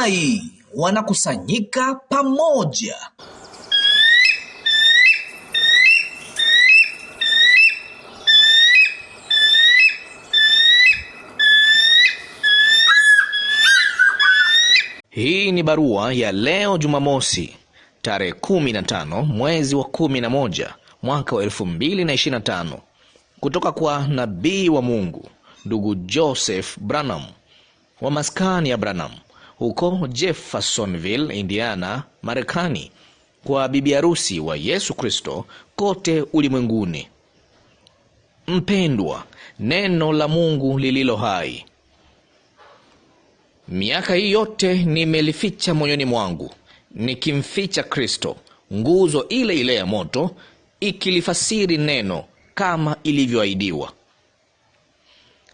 tai wanakusanyika pamoja. Hii ni barua ya leo Jumamosi tarehe 15 mwezi wa 11 mwaka wa 2025 kutoka kwa nabii wa Mungu ndugu Joseph Branham wa maskani ya Branham huko Jeffersonville, Indiana, Marekani, kwa bibi harusi wa Yesu Kristo kote ulimwenguni. Mpendwa, neno la Mungu lililo hai. Miaka hii yote nimelificha moyoni mwangu, nikimficha Kristo, nguzo ile ile ya moto, ikilifasiri neno kama ilivyoahidiwa.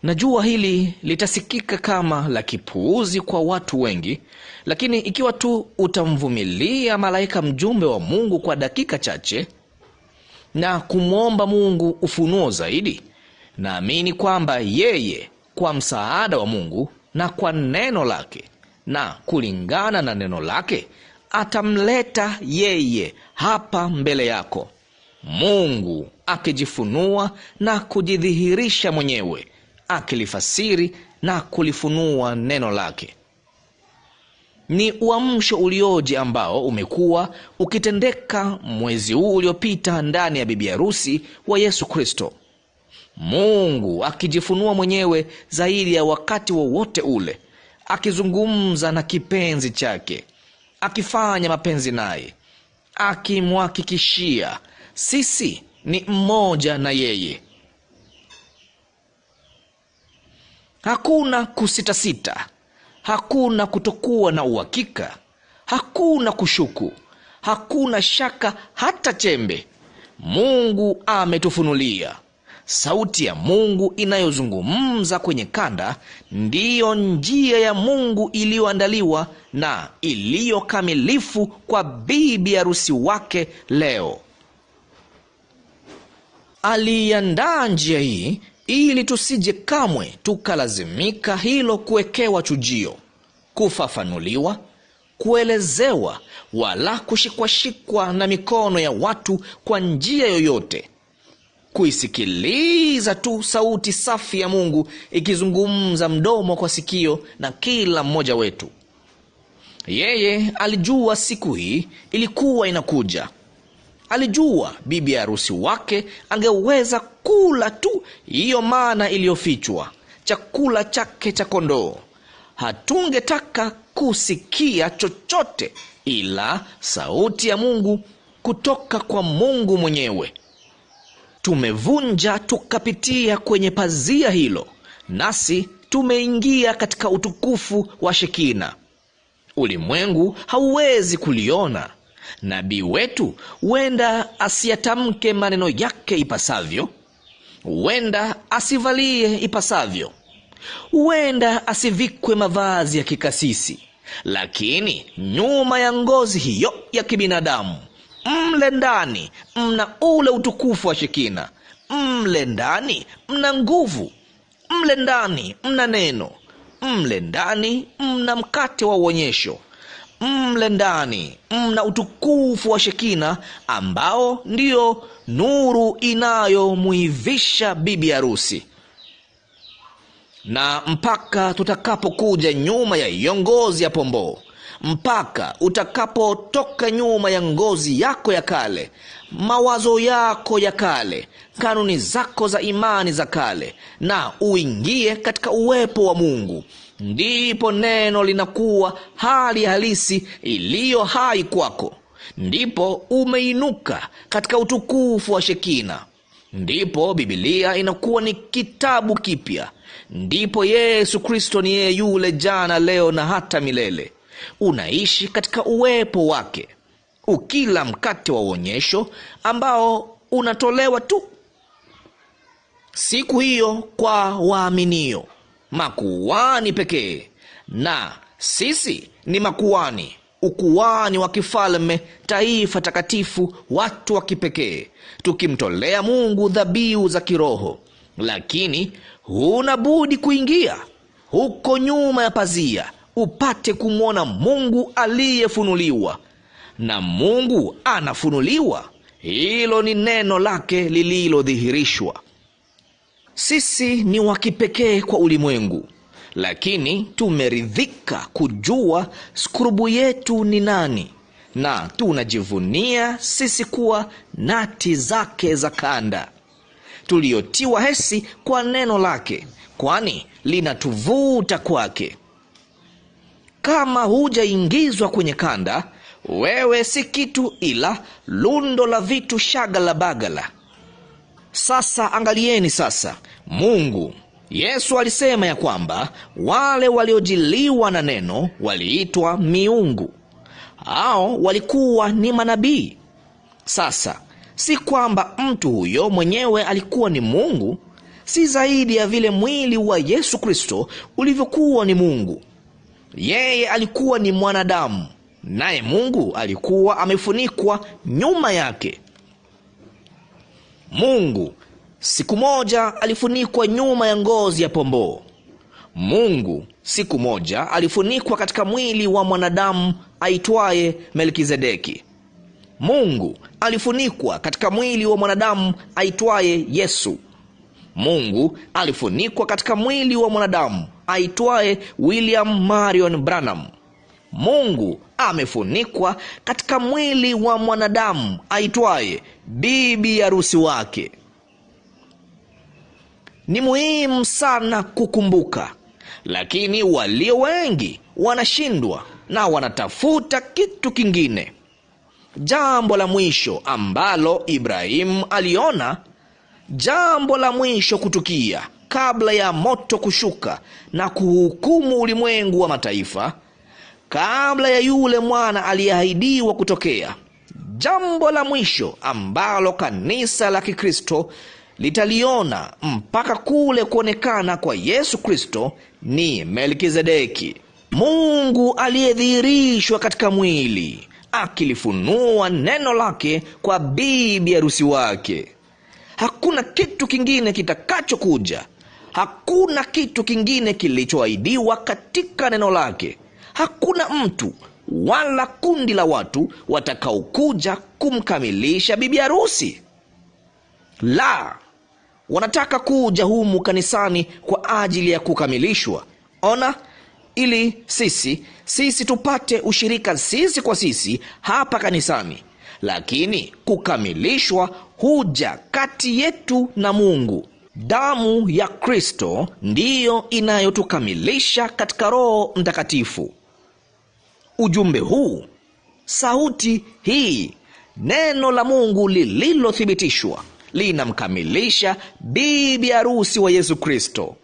Najua hili litasikika kama la kipuuzi kwa watu wengi, lakini ikiwa tu utamvumilia malaika mjumbe wa Mungu kwa dakika chache na kumwomba Mungu ufunuo zaidi, naamini kwamba yeye kwa msaada wa Mungu na kwa neno lake na kulingana na neno lake atamleta yeye hapa mbele yako, Mungu akijifunua na kujidhihirisha mwenyewe akilifasiri na kulifunua neno lake. Ni uamsho ulioje ambao umekuwa ukitendeka mwezi huu uliopita ndani ya bibi harusi wa Yesu Kristo, Mungu akijifunua mwenyewe zaidi ya wakati wowote wa ule, akizungumza na kipenzi chake, akifanya mapenzi naye, akimhakikishia sisi ni mmoja na yeye hakuna kusitasita, hakuna kutokuwa na uhakika, hakuna kushuku, hakuna shaka hata chembe. Mungu ametufunulia. Sauti ya Mungu inayozungumza kwenye kanda ndiyo njia ya Mungu iliyoandaliwa na iliyokamilifu kwa bibi harusi wake leo. aliandaa njia hii ili tusije kamwe tukalazimika hilo kuwekewa chujio, kufafanuliwa, kuelezewa, wala kushikwashikwa na mikono ya watu kwa njia yoyote, kuisikiliza tu sauti safi ya Mungu ikizungumza mdomo kwa sikio na kila mmoja wetu. Yeye alijua siku hii ilikuwa inakuja. Alijua bibi harusi wake angeweza kula tu hiyo maana iliyofichwa, chakula chake cha kondoo. Hatungetaka kusikia chochote ila sauti ya Mungu kutoka kwa Mungu mwenyewe. Tumevunja tukapitia kwenye pazia hilo, nasi tumeingia katika utukufu wa Shekina. Ulimwengu hauwezi kuliona, nabii wetu huenda asiyatamke maneno yake ipasavyo, huenda asivalie ipasavyo, huenda asivikwe mavazi ya kikasisi, lakini nyuma ya ngozi hiyo ya kibinadamu, mle ndani mna ule utukufu wa Shekina, mle ndani mna nguvu, mle ndani mna neno, mle ndani mna mkate wa uonyesho mle ndani mna utukufu wa Shekina ambao ndiyo nuru inayomuivisha bibi harusi. Na mpaka tutakapokuja nyuma ya hiyo ngozi ya pomboo, mpaka utakapotoka nyuma ya ngozi yako ya kale, mawazo yako ya kale, kanuni zako za imani za kale, na uingie katika uwepo wa Mungu ndipo neno linakuwa hali halisi iliyo hai kwako, ndipo umeinuka katika utukufu wa Shekina. Ndipo Bibilia inakuwa ni kitabu kipya. Ndipo Yesu Kristo ni yeye yule jana, leo na hata milele. Unaishi katika uwepo wake, ukila mkate wa uonyesho ambao unatolewa tu siku hiyo kwa waaminio makuani pekee, na sisi ni makuani, ukuani wa kifalme, taifa takatifu, watu wa kipekee, tukimtolea Mungu dhabihu za kiroho. Lakini huna budi kuingia huko nyuma ya pazia upate kumwona Mungu aliyefunuliwa, na Mungu anafunuliwa. Hilo ni neno lake lililodhihirishwa. Sisi ni wa kipekee kwa ulimwengu, lakini tumeridhika kujua skurubu yetu ni nani, na tunajivunia sisi kuwa nati zake za kanda tuliotiwa hesi kwa neno lake, kwani linatuvuta kwake. Kama hujaingizwa kwenye kanda, wewe si kitu ila lundo la vitu shagala bagala sasa angalieni sasa, Mungu Yesu alisema ya kwamba wale waliojiliwa na neno waliitwa miungu. Hao walikuwa ni manabii. Sasa si kwamba mtu huyo mwenyewe alikuwa ni Mungu, si zaidi ya vile mwili wa Yesu Kristo ulivyokuwa ni Mungu. Yeye alikuwa ni mwanadamu, naye Mungu alikuwa amefunikwa nyuma yake. Mungu siku moja alifunikwa nyuma ya ngozi ya pomboo. Mungu siku moja alifunikwa katika mwili wa mwanadamu aitwaye Melkizedeki. Mungu alifunikwa katika mwili wa mwanadamu aitwaye Yesu. Mungu alifunikwa katika mwili wa mwanadamu aitwaye William Marion Branham. Mungu amefunikwa katika mwili wa mwanadamu aitwaye bibi harusi wake. Ni muhimu sana kukumbuka, lakini walio wengi wanashindwa na wanatafuta kitu kingine. Jambo la mwisho ambalo Ibrahimu aliona, jambo la mwisho kutukia kabla ya moto kushuka na kuhukumu ulimwengu wa mataifa, kabla ya yule mwana aliyeahidiwa kutokea Jambo la mwisho ambalo kanisa la Kikristo litaliona mpaka kule kuonekana kwa Yesu Kristo ni Melkizedeki, Mungu aliyedhihirishwa katika mwili, akilifunua neno lake kwa bibi harusi wake. Hakuna kitu kingine kitakachokuja, hakuna kitu kingine kilichoahidiwa katika neno lake. Hakuna mtu wala kundi la watu watakaokuja kumkamilisha bibi harusi. La, wanataka kuja humu kanisani kwa ajili ya kukamilishwa. Ona, ili sisi sisi tupate ushirika sisi kwa sisi hapa kanisani, lakini kukamilishwa huja kati yetu na Mungu. Damu ya Kristo ndiyo inayotukamilisha katika Roho Mtakatifu ujumbe huu, sauti hii, neno la Mungu lililothibitishwa linamkamilisha bibi harusi wa Yesu Kristo.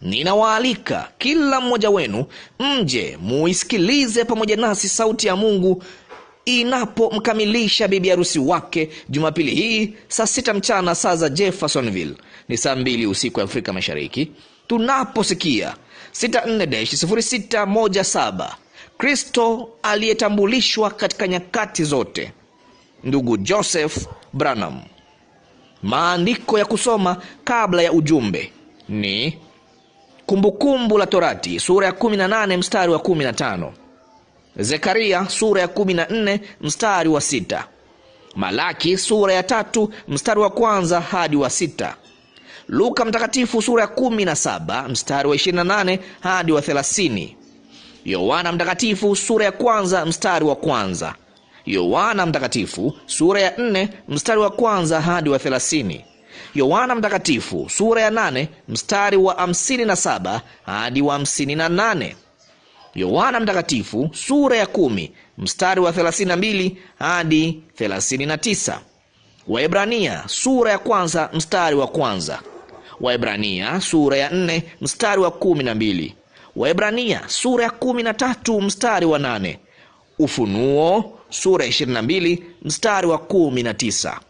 Ninawaalika kila mmoja wenu mje muisikilize pamoja nasi sauti ya Mungu inapomkamilisha bibi harusi wake Jumapili hii saa sita mchana saa za Jeffersonville, ni saa mbili usiku ya Afrika Mashariki, tunaposikia 64-0617 Kristo aliyetambulishwa katika nyakati zote, ndugu Joseph Branham. Maandiko ya kusoma kabla ya ujumbe ni Kumbukumbu la Torati sura ya 18 mstari wa 15, Zekaria sura ya 14 mstari wa 6, Malaki sura ya tatu mstari wa kwanza hadi wa sita, Luka Mtakatifu sura ya 17 mstari wa 28 hadi wa 30, Yohana Mtakatifu sura ya kwanza mstari wa kwanza Yohana Mtakatifu sura ya nne mstari wa kwanza hadi wa thelathini Yohana Mtakatifu sura ya nane mstari wa hamsini na saba hadi wa hamsini na nane Yohana Mtakatifu sura ya kumi mstari wa thelathini na mbili hadi thelathini na tisa Waebrania sura ya kwanza mstari wa kwanza Waebrania sura ya nne mstari wa kumi na mbili Waebrania sura ya kumi na tatu mstari wa nane Ufunuo sura ya 22 mstari wa 19.